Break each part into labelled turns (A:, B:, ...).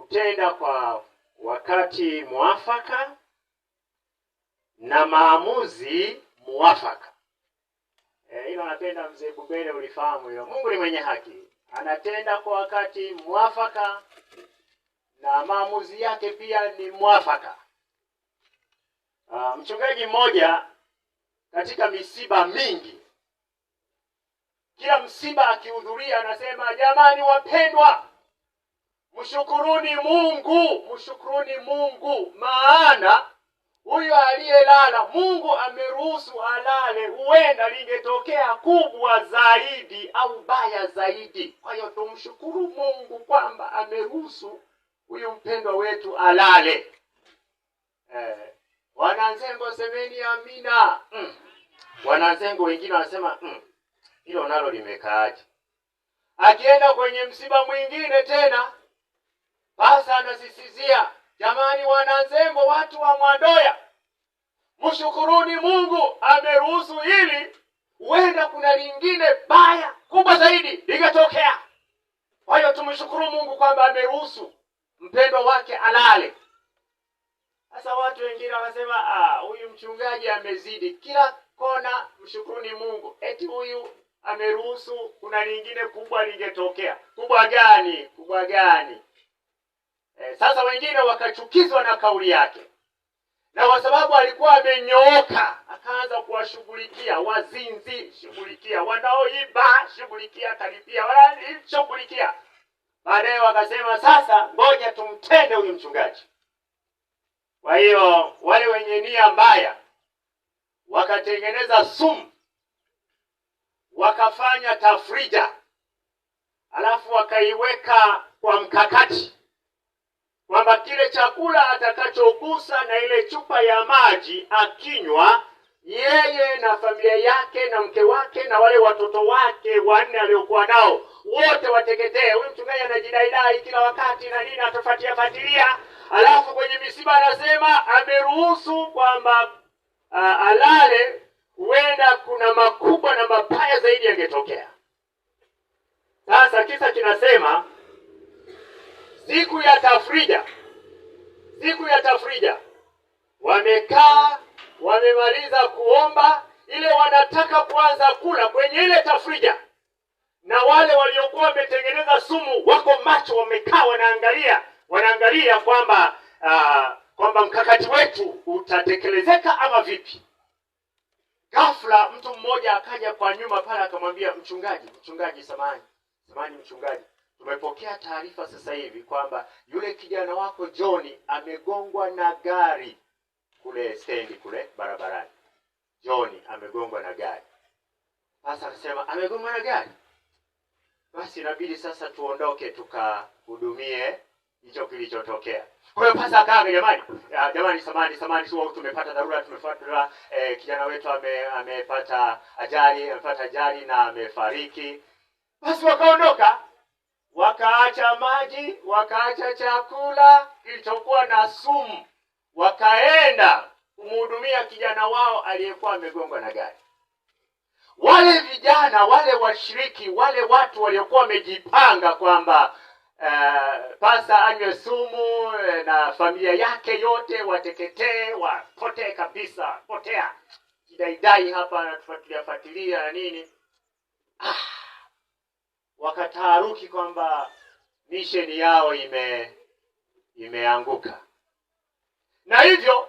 A: kutenda kwa wakati mwafaka na maamuzi mwafaka. E, hilo anapenda mzee Bubele, ulifahamu hilo. Mungu ni mwenye haki, anatenda kwa wakati mwafaka na maamuzi yake pia ni mwafaka. Uh, mchungaji mmoja katika misiba mingi, kila msiba akihudhuria anasema, jamani wapendwa Mshukuruni Mungu, mshukuruni Mungu, maana huyo aliyelala Mungu ameruhusu alale, huenda lingetokea kubwa zaidi au baya zaidi. Kwa hiyo tumshukuru Mungu kwamba ameruhusu huyu mpendwa wetu alale. Eh, Wananzengo semeni amina. Mm. Wananzengo wengine wanasema mm, hilo nalo limekaaje? Akienda kwenye msiba mwingine tena Basa anasisizia jamani, Wananzembo, watu wa Mwandoya, mshukuruni Mungu ameruhusu hili, huenda kuna lingine baya kubwa zaidi likatokea. Kwa hiyo tumshukuru Mungu kwamba ameruhusu mpendo wake alale. Sasa watu wengine wanasema ah, huyu mchungaji amezidi kila kona, mshukuruni Mungu eti huyu ameruhusu, kuna lingine kubwa lingetokea. Kubwa gani? Kubwa gani? E, sasa wengine wakachukizwa na kauli yake, na kwa sababu alikuwa amenyooka, akaanza kuwashughulikia wazinzi, shughulikia wanaoiba, shughulikia karibia, shughulikia. Baadaye wakasema sasa, ngoja tumtende huyu mchungaji. Kwa hiyo wale wenye nia mbaya wakatengeneza sumu, wakafanya tafrija, alafu wakaiweka kwa mkakati kwamba kile chakula atakachogusa na ile chupa ya maji akinywa, yeye na familia yake na mke wake na wale watoto wake wanne aliokuwa nao wote wateketee. Huyu mchungaji anajidaidai kila wakati na nini, atafuatia fatilia, alafu kwenye misiba anasema ameruhusu kwamba alale, huenda kuna makubwa na mabaya zaidi yangetokea. Sasa kisa kinasema siku ya tafrija, siku ya tafrija wamekaa wamemaliza kuomba, ile wanataka kuanza kula kwenye ile tafrija, na wale waliokuwa wametengeneza sumu wako macho, wamekaa wanaangalia, wanaangalia kwamba uh, kwamba mkakati wetu utatekelezeka ama vipi. Ghafla mtu mmoja akaja kwa nyuma pale akamwambia mchungaji, mchungaji, samahani, samahani mchungaji, Tumepokea taarifa sasa hivi kwamba yule kijana wako John amegongwa na gari kule stendi kule barabarani. John amegongwa na gari. Sasa anasema amegongwa na gari, basi inabidi sasa tuondoke tukahudumie hicho kilichotokea. Kwa hiyo pasa akaga, jamani, jamani, samani, samani, sio tumepata dharura, tumepata eh, kijana wetu ame, amepata ajali, amepata ajali na amefariki. Basi wakaondoka wakaacha maji, wakaacha chakula kilichokuwa na sumu, wakaenda kumhudumia kijana wao aliyekuwa amegongwa na gari. Wale vijana wale, washiriki wale, watu waliokuwa wamejipanga kwamba Uh, eh, pasa anywe sumu eh, na familia yake yote wateketee, wapotee kabisa, potea kidaidai hapa anatufuatilia fuatilia na nini ah wakataharuki kwamba misheni yao ime imeanguka, na hivyo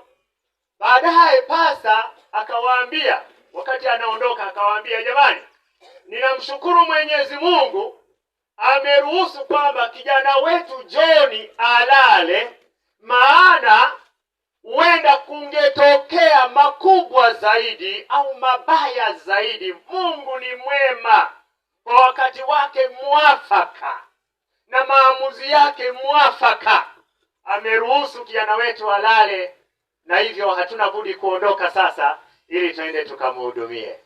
A: baadaye pasa akawaambia, wakati anaondoka akawaambia, jamani, ninamshukuru Mwenyezi Mungu ameruhusu kwamba kijana wetu John alale, maana huenda kungetokea makubwa zaidi au mabaya zaidi. Mungu ni mwema kwa wakati wake mwafaka na maamuzi yake mwafaka ameruhusu kijana wetu alale, na hivyo hatuna budi kuondoka sasa ili tuende tukamhudumie.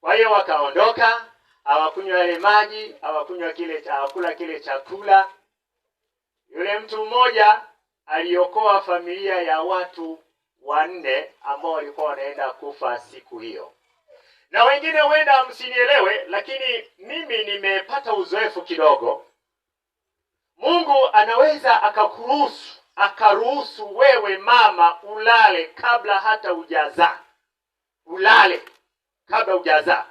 A: Kwa hiyo wakaondoka, hawakunywa yale maji, hawakunywa kile, hawakula kile chakula. Yule mtu mmoja aliokoa familia ya watu wanne ambao walikuwa wanaenda kufa siku hiyo na wengine huenda msinielewe, lakini mimi nimepata uzoefu kidogo. Mungu anaweza akakuruhusu akaruhusu wewe mama ulale kabla hata hujazaa, ulale kabla hujazaa.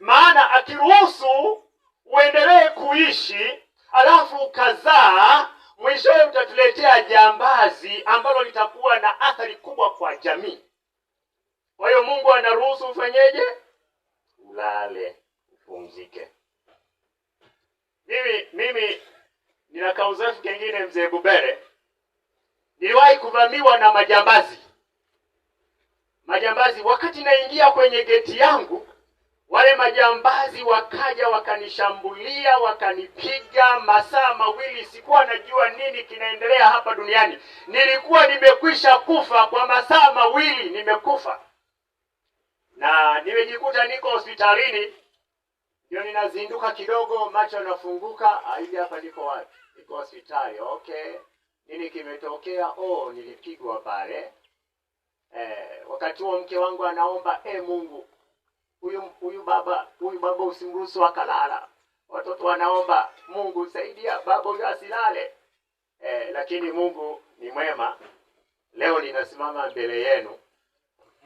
A: Maana akiruhusu uendelee kuishi alafu ukazaa, mwishowe utatuletea jambazi ambalo litakuwa na athari kubwa kwa jamii. Kwa hiyo Mungu anaruhusu ufanyeje? lale upumzike. Mimi mimi nina kauzefu kengine, mzee Bubere, niliwahi kuvamiwa na majambazi. Majambazi wakati naingia kwenye geti yangu, wale majambazi wakaja wakanishambulia, wakanipiga masaa mawili. Sikuwa najua nini kinaendelea hapa duniani, nilikuwa nimekwisha kufa kwa masaa mawili, nimekufa na nimejikuta niko hospitalini, ndio ninazinduka kidogo, macho yanafunguka. aidi ah, hapa niko wapi? Niko hospitali. Okay, nini kimetokea? Oh, nilipigwa pale. Eh, wakati huo mke wangu anaomba e, Mungu huyu huyu baba huyu baba usimruhusu akalala. Watoto wanaomba Mungu saidia baba huyu asilale. Eh, lakini Mungu ni mwema, leo ninasimama mbele yenu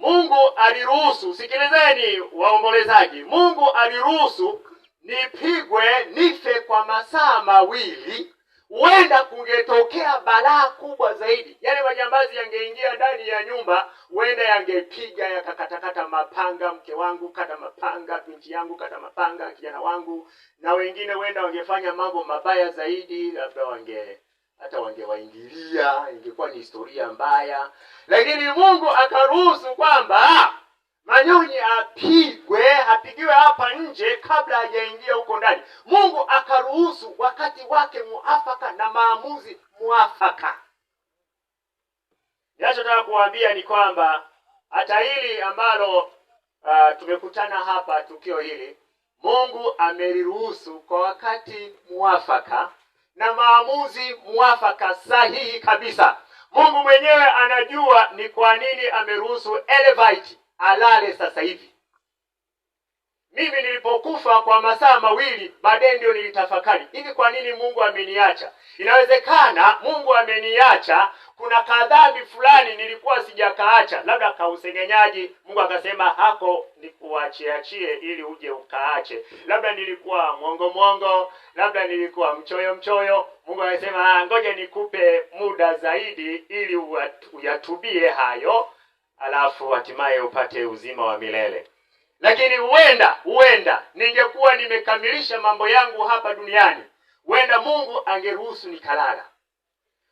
A: Mungu aliruhusu, sikilizeni waombolezaji, Mungu aliruhusu nipigwe nife kwa masaa mawili. Huenda kungetokea balaa kubwa zaidi, yale majambazi yangeingia ndani ya nyumba, huenda yangepiga yakakatakata mapanga mke wangu, kata mapanga binti yangu, kata mapanga kijana wangu, na wengine huenda wangefanya mambo mabaya zaidi, labda wange hata wangewaingilia, ingekuwa ni historia mbaya, lakini Mungu akaruhusu kwamba manyonyi apigwe, apigiwe hapa nje kabla hajaingia huko ndani. Mungu akaruhusu wakati wake muafaka na maamuzi muafaka. Ninachotaka kuambia ni kwamba hata hili ambalo uh, tumekutana hapa, tukio hili Mungu ameliruhusu kwa wakati muafaka na maamuzi mwafaka sahihi kabisa. Mungu mwenyewe anajua ni kwa nini ameruhusu Elevite alale sasa hivi. Mimi nilipokufa kwa masaa mawili, baadaye ndio nilitafakari hivi, kwa nini Mungu ameniacha? Inawezekana Mungu ameniacha kuna kadhabi fulani nilikuwa sijakaacha, labda kausengenyaji, Mungu akasema hako nikuachiachie ili uje ukaache. Labda nilikuwa mwongo mwongo, labda nilikuwa mchoyo mchoyo, Mungu akasema ah, ngoja nikupe muda zaidi ili uyatubie hayo, alafu hatimaye upate uzima wa milele. Lakini huenda huenda ningekuwa nimekamilisha mambo yangu hapa duniani, huenda Mungu angeruhusu nikalala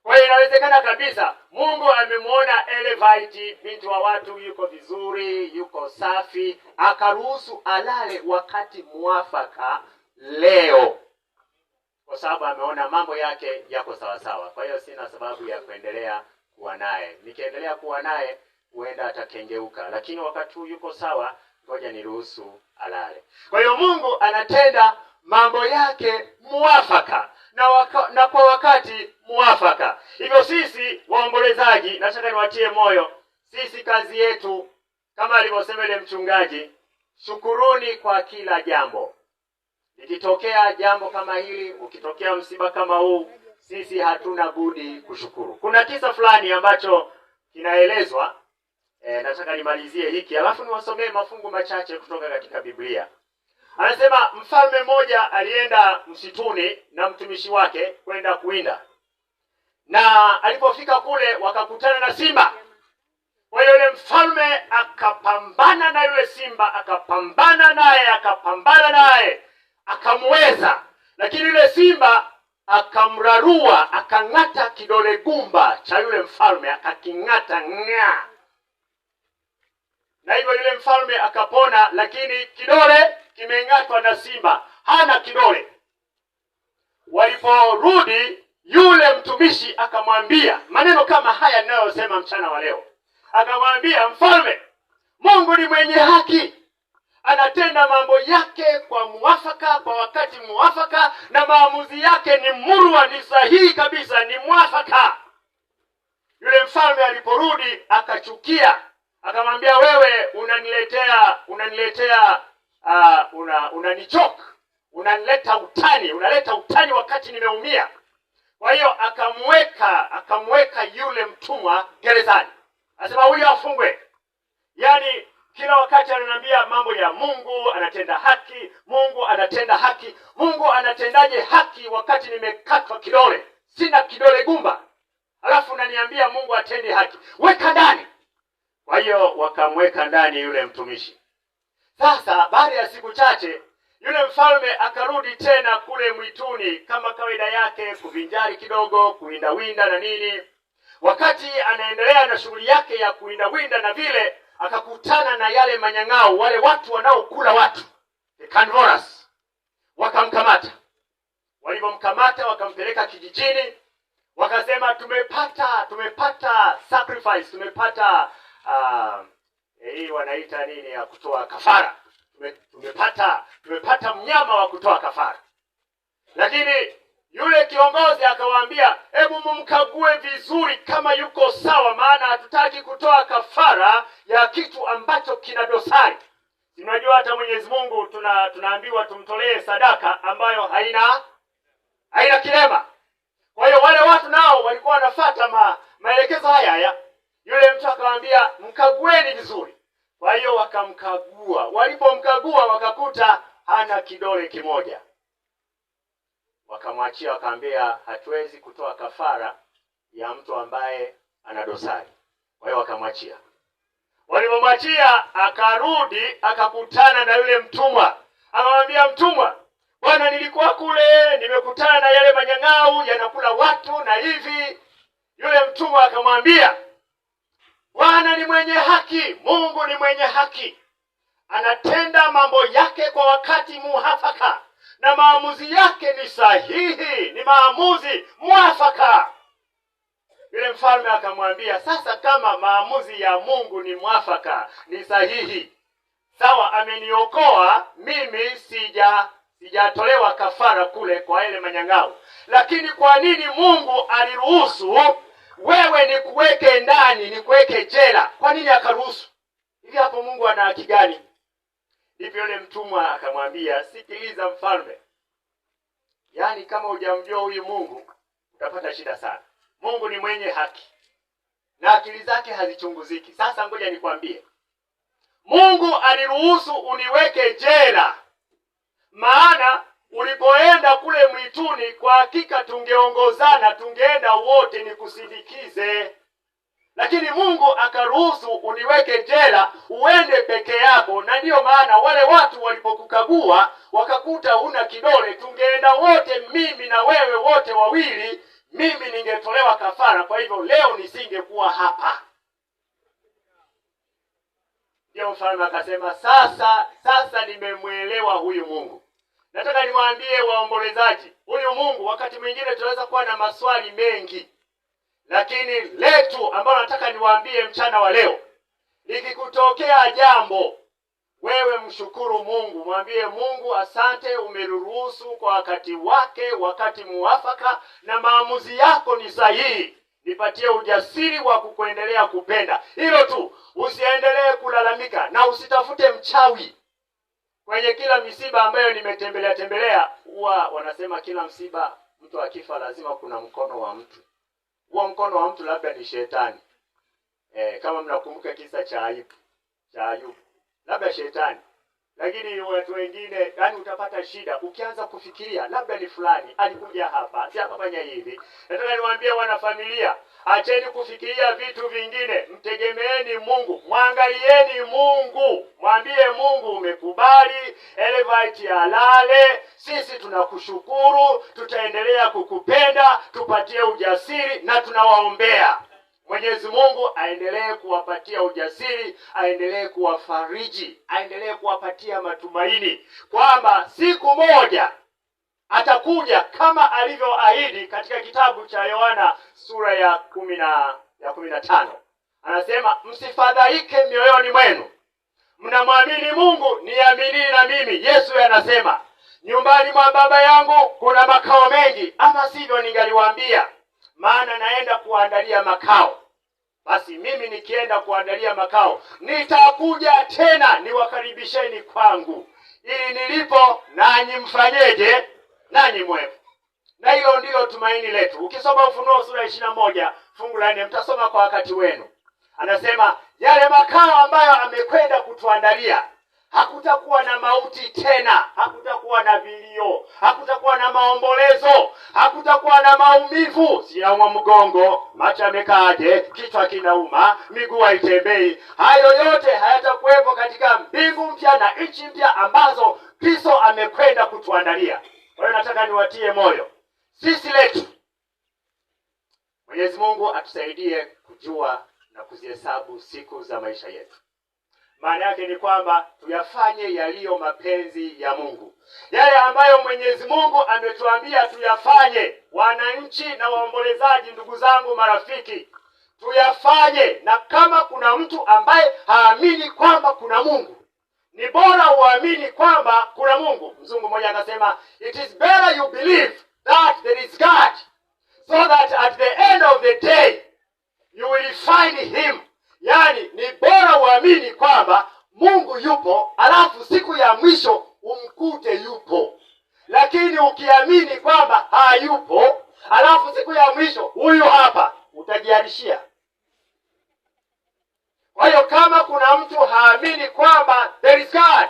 A: kwa hiyo inawezekana kabisa Mungu amemwona Elevite binti wa watu, yuko vizuri, yuko safi, akaruhusu alale wakati mwafaka leo, kwa sababu ameona mambo yake yako sawasawa. Kwa hiyo sina sababu ya kuendelea kuwa naye, nikiendelea kuwa naye huenda atakengeuka, lakini wakati huu yuko sawa, ngoja niruhusu alale. Kwa hiyo Mungu anatenda mambo yake mwafaka na, waka, na kwa wakati muafaka. Hivyo sisi waombolezaji, nataka niwatie moyo, sisi kazi yetu kama alivyosema ile mchungaji, shukuruni kwa kila jambo. Ikitokea jambo kama hili, ukitokea msiba kama huu, sisi hatuna budi kushukuru. Kuna kisa fulani ambacho kinaelezwa e, nataka nimalizie hiki alafu niwasomee mafungu machache kutoka katika Biblia. Anasema mfalme mmoja alienda msituni na mtumishi wake kwenda kuwinda, na alipofika kule wakakutana na simba. Kwa hiyo yule mfalme akapambana na yule simba, akapambana naye, akapambana naye, akamweza, lakini yule simba akamrarua, akang'ata kidole gumba cha yule mfalme, akaking'ata ng'a, na hivyo yule mfalme akapona, lakini kidole kimeng'atwa na simba, hana kidole. Waliporudi yule mtumishi akamwambia maneno kama haya ninayosema mchana wa leo, akamwambia mfalme, Mungu ni mwenye haki, anatenda mambo yake kwa mwafaka kwa wakati mwafaka na maamuzi yake ni murwa, ni sahihi kabisa, ni mwafaka. Yule mfalme aliporudi akachukia, akamwambia wewe unaniletea unaniletea uh, una unanichoka, unaleta utani, unaleta utani wakati nimeumia. Kwa hiyo akamweka akamweka yule mtumwa gerezani, anasema huyo afungwe. Yaani kila wakati ananiambia mambo ya Mungu anatenda haki, Mungu anatenda haki. Mungu anatendaje haki wakati nimekatwa kidole, sina kidole gumba, alafu unaniambia Mungu atende haki? Weka ndani. Kwa hiyo wakamweka ndani yule mtumishi. Sasa baada ya siku chache yule mfalme akarudi tena kule mwituni kama kawaida yake, kuvinjari kidogo, kuwindawinda na nini. Wakati anaendelea na shughuli yake ya kuwindawinda na vile, akakutana na yale manyang'au, wale watu wanaokula watu, the carnivores, wakamkamata. Walivyomkamata wakampeleka kijijini, wakasema tumepata, tumepata sacrifice, tumepata uh, E, hii wanaita nini ya kutoa kafara. Tumepata tumepata mnyama wa kutoa kafara, lakini yule kiongozi akawaambia, hebu mumkague vizuri kama yuko sawa, maana hatutaki kutoa kafara ya kitu ambacho kina dosari. Unajua hata Mwenyezi Mungu tuna, tunaambiwa tumtolee sadaka ambayo haina haina kilema. Kwa hiyo wale watu nao walikuwa wanafuata ma, maelekezo haya haya yule mtu akamwambia, mkagueni vizuri. Kwa hiyo wakamkagua, walipomkagua wakakuta hana kidole kimoja, wakamwachia, wakaambia hatuwezi kutoa kafara ya mtu ambaye ana dosari. Kwa hiyo wakamwachia. Walipomwachia akarudi, akakutana na yule mtumwa, akamwambia mtumwa, bwana, nilikuwa kule, nimekutana na yale manyang'au yanakula watu na hivi. Yule mtumwa akamwambia Bwana ni mwenye haki, Mungu ni mwenye haki, anatenda mambo yake kwa wakati muhafaka, na maamuzi yake ni sahihi, ni maamuzi mwafaka. Yule mfalme akamwambia, sasa kama maamuzi ya Mungu ni mwafaka, ni sahihi, sawa, ameniokoa mimi, sija sijatolewa kafara kule kwa ile manyang'au, lakini kwa nini Mungu aliruhusu wewe ni kuweke ndani, ni kuweke jela. Kwa nini akaruhusu hivi? Hapo Mungu ana haki gani? Hivyo yule mtumwa akamwambia, sikiliza mfalme, yaani kama hujamjua huyu Mungu utapata shida sana. Mungu ni mwenye haki na akili zake hazichunguziki. Sasa ngoja nikwambie, Mungu aliruhusu uniweke jela, maana ulipoenda kule mwituni, kwa hakika tungeongozana, tungeenda wote nikusindikize, lakini Mungu akaruhusu uniweke jela, uende peke yako. Na ndiyo maana wale watu walipokukagua wakakuta huna kidole, tungeenda wote, mimi na wewe, wote wawili, mimi ningetolewa kafara, kwa hivyo leo nisingekuwa hapa. ndiyo mfalme akasema, sasa sasa nimemwelewa huyu Mungu Nataka niwaambie waombolezaji, huyu Mungu wakati mwingine tunaweza kuwa na maswali mengi, lakini letu ambalo nataka niwaambie mchana wa leo, likikutokea jambo wewe mshukuru Mungu, mwambie Mungu asante, umeruhusu kwa wakati wake, wakati muafaka, na maamuzi yako ni sahihi. Nipatie ujasiri wa kukuendelea kupenda. Hilo tu, usiendelee kulalamika na usitafute mchawi. Kwenye kila misiba ambayo nimetembelea tembelea, huwa wanasema kila msiba mtu akifa lazima kuna mkono wa mtu. Huo mkono wa mtu labda ni shetani. E, kama mnakumbuka kisa cha Ayubu, cha Ayubu, labda shetani lakini watu wengine, yani utapata shida ukianza kufikiria labda ni fulani alikuja hapa, si akafanya hivi. Nataka niwaambie wanafamilia, acheni kufikiria vitu vingine, mtegemeeni Mungu, mwangalieni Mungu, mwambie Mungu, umekubali Elevate alale, sisi tunakushukuru, tutaendelea kukupenda, tupatie ujasiri na tunawaombea Mwenyezi Mungu aendelee kuwapatia ujasiri, aendelee kuwafariji, aendelee kuwapatia matumaini kwamba siku moja atakuja kama alivyoahidi katika kitabu cha Yohana sura ya kumi na ya kumi na tano anasema msifadhaike mioyoni mwenu, mnamwamini Mungu, niamini na mimi. Yesu anasema nyumbani mwa Baba yangu kuna makao mengi, ama sivyo ningaliwaambia, maana naenda kuandalia makao basi mimi nikienda kuandalia makao nitakuja tena niwakaribisheni kwangu, ili nilipo nanyi mfanyeje? Nanyi mwepo. Na hiyo ndiyo tumaini letu. Ukisoma Ufunuo sura ishirini na moja fungu la nne mtasoma kwa wakati wenu, anasema yale makao ambayo amekwenda kutuandalia Hakutakuwa na mauti tena, hakutakuwa na vilio, hakutakuwa na maombolezo, hakutakuwa na maumivu, siaumwa mgongo, macho yamekaaje, kichwa kinauma, miguu haitembei. Hayo yote hayatakuwepo katika mbingu mpya na nchi mpya ambazo Kristo amekwenda kutuandalia. Kwa hiyo nataka niwatie moyo sisi letu, Mwenyezi Mungu atusaidie kujua na kuzihesabu siku za maisha yetu maana yake ni kwamba tuyafanye yaliyo mapenzi ya Mungu, yale ambayo Mwenyezi Mungu ametuambia tuyafanye. Wananchi na waombolezaji, ndugu zangu, marafiki, tuyafanye. Na kama kuna mtu ambaye haamini kwamba kuna Mungu, ni bora uamini kwamba kuna Mungu. Mzungu mmoja anasema it is better you believe that there is God so that at the end of the day you will find him Yaani ni bora uamini kwamba Mungu yupo, alafu siku ya mwisho umkute yupo, lakini ukiamini kwamba hayupo, alafu siku ya mwisho huyu hapa, utajiarishia Kwa hiyo kama kuna mtu haamini kwamba there is God,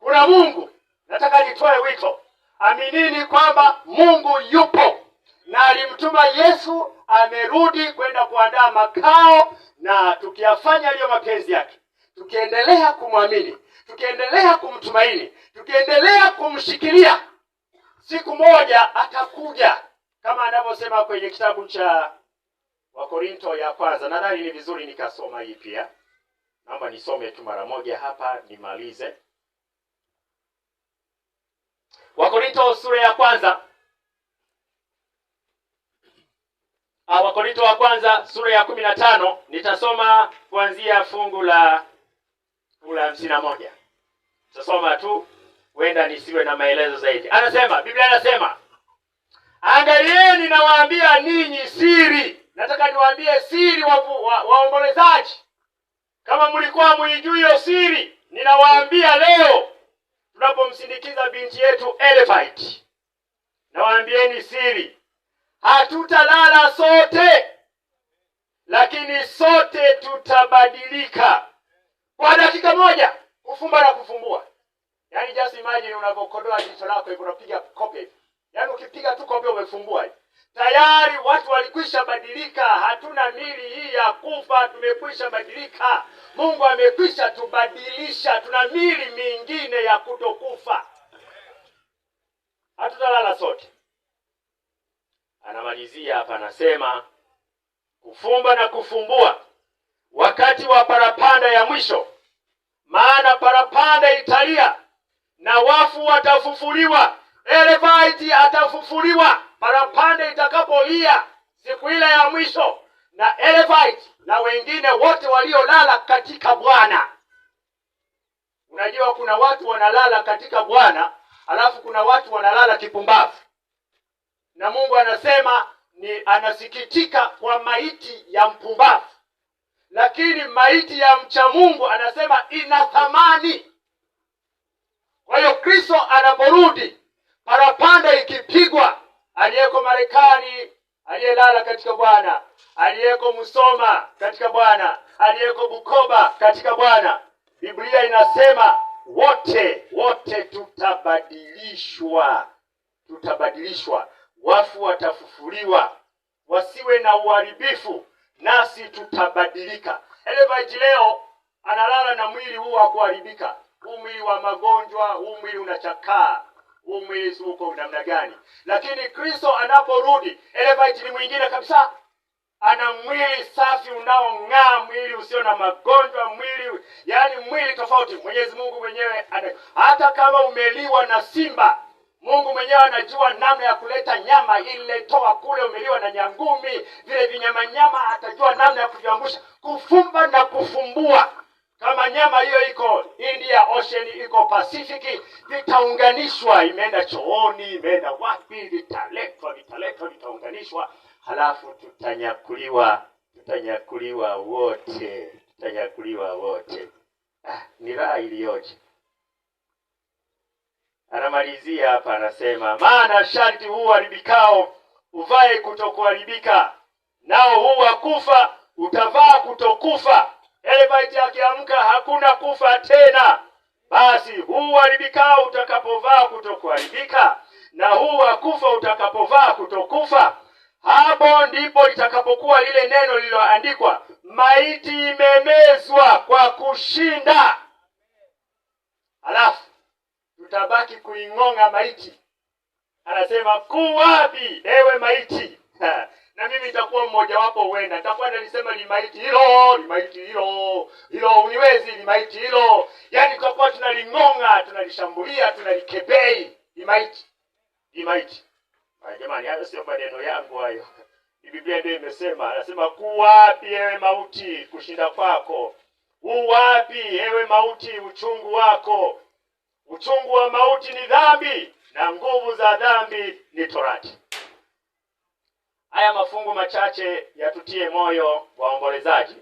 A: kuna Mungu, nataka nitoe wito, aminini kwamba Mungu yupo na alimtuma Yesu amerudi kwenda kuandaa makao, na tukiyafanya aliyo mapenzi yake, tukiendelea kumwamini, tukiendelea kumtumaini, tukiendelea kumshikilia, siku moja atakuja kama anavyosema kwenye kitabu cha Wakorinto ya kwanza. Nadhani ni vizuri nikasoma hii pia, naomba nisome tu mara moja hapa nimalize. Wakorinto sura ya kwanza Ah, Wakorinto wa kwanza sura ya kumi na tano nitasoma kuanzia fungu la la hamsini na moja. tasoma tu, huenda nisiwe na maelezo zaidi. Anasema Biblia anasema angalieni, nawaambia ninyi siri. Nataka niwaambie siri waombolezaji wa, wa kama mlikuwa mwijui hiyo siri, ninawaambia leo tunapomsindikiza binti yetu Elefite, nawaambieni siri hatutalala sote, lakini sote tutabadilika kwa dakika moja, kufumba na kufumbua. Yani just imagine unavyokodoa jicho lako hivi, unapiga kope yani ukipiga tu kope umefumbua tayari watu walikwisha badilika. Hatuna mili hii ya kufa, tumekwisha badilika. Mungu amekwisha tubadilisha, tuna mili mingine ya kutokufa. Hatutalala sote anamalizia hapa, anasema kufumba na kufumbua wakati wa parapanda ya mwisho, maana parapanda italia na wafu watafufuliwa. Elevaiti atafufuliwa parapanda itakapolia siku ile ya mwisho, na Elevaiti na wengine wote waliolala katika Bwana. Unajua, kuna watu wanalala katika Bwana alafu kuna watu wanalala kipumbavu na Mungu anasema ni anasikitika kwa maiti ya mpumbavu, lakini maiti ya mcha Mungu anasema ina thamani. Kwa hiyo Kristo anaporudi, parapanda ikipigwa, aliyeko Marekani, aliyelala katika Bwana, aliyeko Musoma katika Bwana, aliyeko Bukoba katika Bwana, Biblia inasema wote wote tutabadilishwa, tutabadilishwa wafu watafufuliwa, wasiwe na uharibifu, nasi tutabadilika. Elevite leo analala na mwili huu wa kuharibika, huu mwili wa magonjwa, huu mwili unachakaa, huu mwili uko namna gani? Lakini Kristo anaporudi, Elevite ni mwingine kabisa ana mwili safi unaong'aa, mwili usio na magonjwa, mwili yani mwili tofauti. Mwenyezi Mungu mwenyewe hata kama umeliwa na simba Mungu mwenyewe anajua namna ya kuleta nyama ile toa kule umeliwa na nyangumi, vile vinyama nyama atajua namna ya kuviangusha, kufumba na kufumbua. Kama nyama hiyo iko India Ocean, iko Pacific, vitaunganishwa. Imeenda chooni, imeenda wapi, vitaletwa, vitaletwa, vitaunganishwa, halafu tutanyakuliwa, tutanyakuliwa wote, tutanyakuliwa wote. Ah, ni raha iliyoje! Anamalizia hapa anasema, maana sharti huu haribikao uvae kutokuharibika, nao huu wakufa utavaa kutokufa. Elevate akiamka hakuna kufa tena. Basi huu haribikao utakapovaa kutokuharibika, na huu wakufa utakapovaa kutokufa, hapo ndipo litakapokuwa lile neno lililoandikwa, maiti imemezwa kwa kushinda. alafu tutabaki kuing'ong'a maiti. Anasema ku wapi ewe maiti? na mimi nitakuwa mmoja wapo, huenda nitakuwa nalisema ni limaiti hilo ni limaiti hilo hilo uniwezi ni limaiti hilo, Yani tutakuwa tunaling'ong'a, tunalishambulia, tunalikebei ni ni limaiti. Jamani, hayo sio maneno yangu hayo, Biblia ndio imesema. Anasema ku wapi ewe mauti kushinda kwako? Uwapi ewe mauti uchungu wako? Uchungu wa mauti ni dhambi na nguvu za dhambi ni torati. Haya mafungu machache yatutie moyo waombolezaji,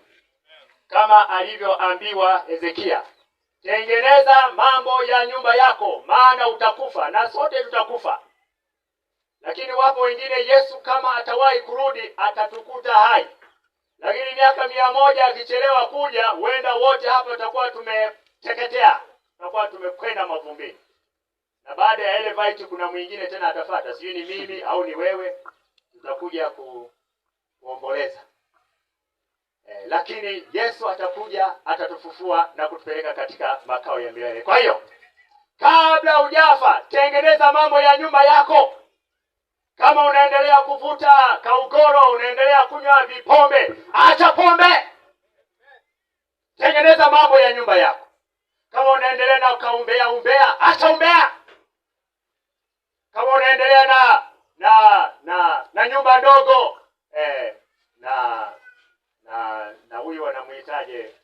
A: kama alivyoambiwa Hezekia, tengeneza mambo ya nyumba yako, maana utakufa na sote tutakufa. Lakini wapo wengine, Yesu kama atawahi kurudi atatukuta hai, lakini miaka mia moja akichelewa kuja, huenda wote hapa tutakuwa tumeteketea na mavumbini, na baada ya ile vaiti kuna mwingine tena atafata, sijui ni mimi au ni wewe, tutakuja ku, kuomboleza eh, lakini Yesu atakuja atatufufua na kutupeleka katika makao ya milele. Kwa hiyo kabla hujafa, tengeneza mambo ya nyumba yako. Kama unaendelea kuvuta kaugoro, unaendelea kunywa vipombe, acha pombe, tengeneza mambo ya nyumba yako. Kama unaendelea na ukaumbea umbea, acha umbea. Kama unaendelea na na na na nyumba ndogo eh, na na na huyu wanamuhitaje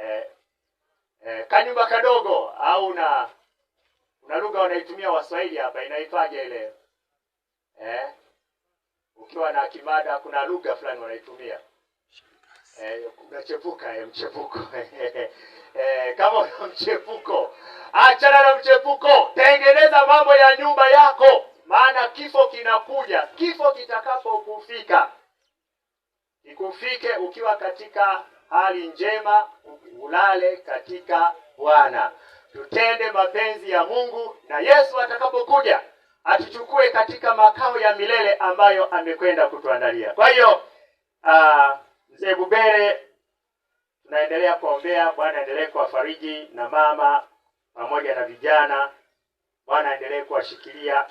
A: eh, eh, kanyumba kadogo au na una lugha wanaitumia Waswahili hapa inaitwaje ile eh, ukiwa na kimada, kuna lugha fulani wanaitumia unachepuka eh, mchepuko eh, eh, kama una mchepuko achana na mchepuko, tengeneza mambo ya nyumba yako, maana kifo kinakuja. Kifo kitakapokufika ikufike ukiwa katika hali njema, ulale katika Bwana. Tutende mapenzi ya Mungu, na Yesu atakapokuja atuchukue katika makao ya milele ambayo amekwenda kutuandalia. Kwa hiyo uh, Mzee Bubere tunaendelea kuombea, Bwana aendelee kuwafariji na mama pamoja na vijana, Bwana aendelee kuwashikilia.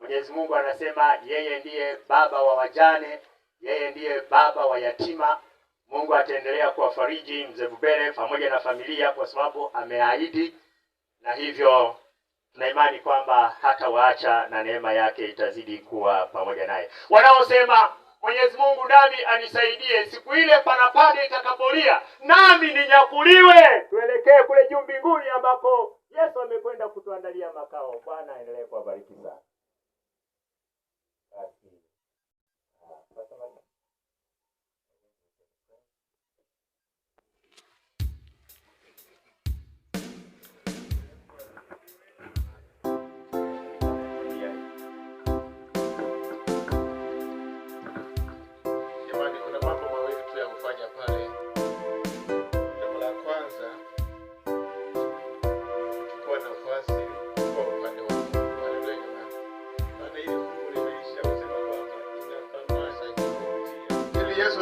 A: Mwenyezi Mungu anasema yeye ndiye baba wa wajane, yeye ndiye baba wa yatima. Mungu ataendelea kuwafariji mzee Bubere pamoja na familia, kwa sababu ameahidi, na hivyo tuna imani kwamba waacha na neema yake itazidi kuwa pamoja naye. Wanaosema Mwenyezi Mungu nami anisaidie, siku ile parapanda itakapolia, nami ninyakuliwe, tuelekee kule juu mbinguni ambako Yesu amekwenda kutuandalia makao. Bwana aendelee kuwabariki sana.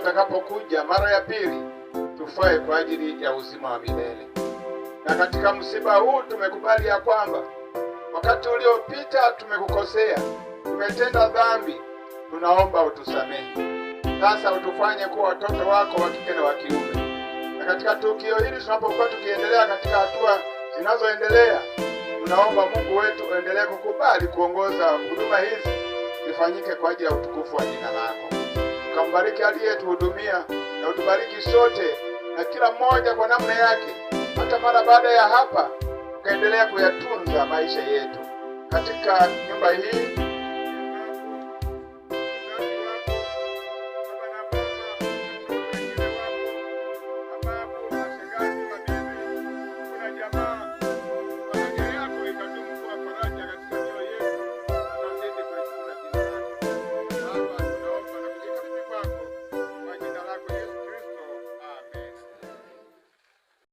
A: atakapokuja mara ya pili tufae kwa ajili ya uzima wa milele. Na katika msiba huu tumekubali ya kwamba wakati uliopita tumekukosea, tumetenda dhambi, tunaomba utusamehe. Sasa utufanye kuwa watoto wako wa kike na wa kiume. Na katika tukio hili tunapokuwa tukiendelea katika hatua zinazoendelea, tunaomba Mungu wetu uendelee kukubali kuongoza huduma hizi zifanyike kwa ajili ya utukufu wa jina lako ukambariki aliyetuhudumia na utubariki sote na kila mmoja kwa namna yake, hata mara baada ya hapa ukaendelea kuyatunza maisha yetu katika nyumba hii